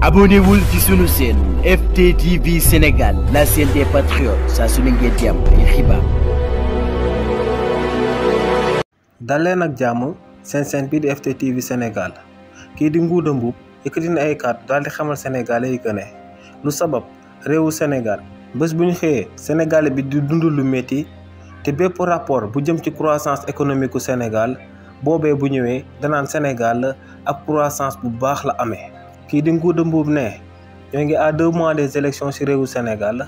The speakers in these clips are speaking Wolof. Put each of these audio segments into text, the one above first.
abonnewul ci sunu chaîne FTTV Sénégal la chaîne des saa su ne jàmm seen seen kii di Ngouda Mboup yëkkati na ay kàddu daldi di xamal sénégalais yi ne lu sabab réewu Sénégal bés bu ñu xëyee sénégalais bi di dund lu metti te bépp rapport bu jëm ci croissance économique gu Sénégal boobee bu ñëwee danaan Sénégal ak croissance bu baax la amee. kii di Ngouda Mboup ne ñoo ngi à deux mois des élections ci réewu Sénégal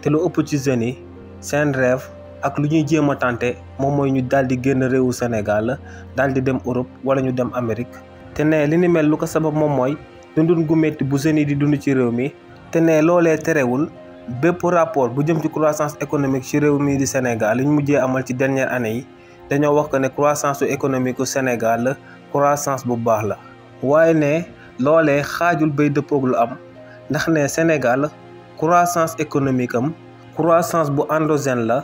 te lu ëpp ci jeunes yi seen rêve ak lu ñuy jéem a tenter moom mooy ñu daal di génn réewu Sénégal daal di dem Europe wala ñu dem Amérique te ne li ni mel lu ko sabab moom mooy dundun gu métti bu jeunes yi di dund ci réew mi te ne loolee terewul bépp rapport bu jëm ci croissance économique ci réew mi di Sénégal li ñu mujjee amal ci dernière année yi dañoo wax ko ne croissance économique u Sénégal croissance bu baax la loole xaajul bay dëppoog lu am ndax ne Sénégal croissance économique am croissance bu endogène la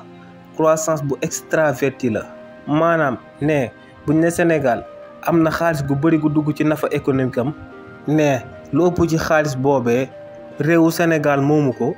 croissance bu extraverti la maanaam ne buñ ne Sénégal am na xaalis gu bëri gu dugg ci nafa économique am ne lu ëpp ci xaalis boobee réewu Sénégal moomu ko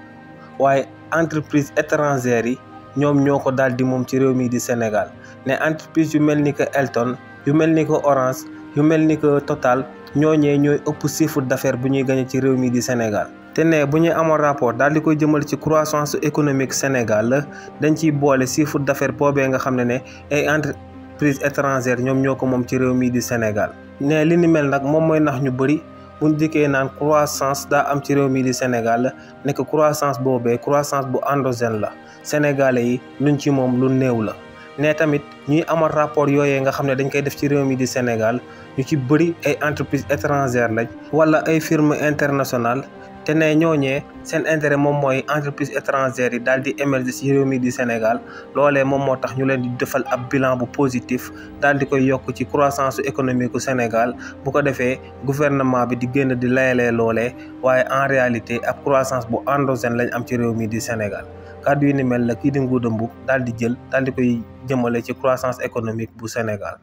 waaye entreprise étrangères yi ñoom ñoo ko daal di moom ci réew mi di Sénégal ne entreprise yu mel ni que Elton yu mel ni que Orange yu mel ni que Total ñooñee ñooy ëpp chiffre d'affaires bu ñuy gañee ci réew mi di Sénégal te ne bu ñuy amoon rapport daal di koy jëmal ci croissance économique Sénégal dañ ciy boole chiffre d'affaires boobee nga xam ne ne ay entreprises étrangères ñoom ñoo ko moom ci réew mii di Sénégal ne li ni mel nag moom mooy nax ñu bëri buñ dikkee naan croissance daa am ci réew mii di Sénégal nekk croissance boobee croissance bu endogène la sénégalais yi luñ ci moom lu néew la ne tamit ñuy amal rapport yooye nga xam ne dañ koy def ci réew mi di Sénégal ñu ci bëri ay entreprise étrangère lañ wala ay firme internationale te ne ñooñee seen intérêt moom mooy entreprise étrangère yi daal di émerger ci réew mi di Sénégal loolee moom moo tax ñu leen di defal ab bilan bu positif daal di koy yokk ci croissance économique gu Sénégal bu ko defee gouvernement bi di génn di layalee loolee waaye en réalité ab croissance bu endogène lañ am ci réew mii di Sénégal kàddu yu ni mel la kii di Ngouda Mboup daal di jël daal di koy jëmale ci croissance économique bu Sénégal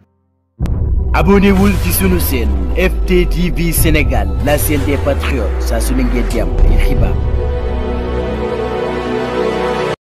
Abonnez-vous Abonnez-vous ci sunu seen FTTV Sénégal la chaîne des patriotes Ça se et bien,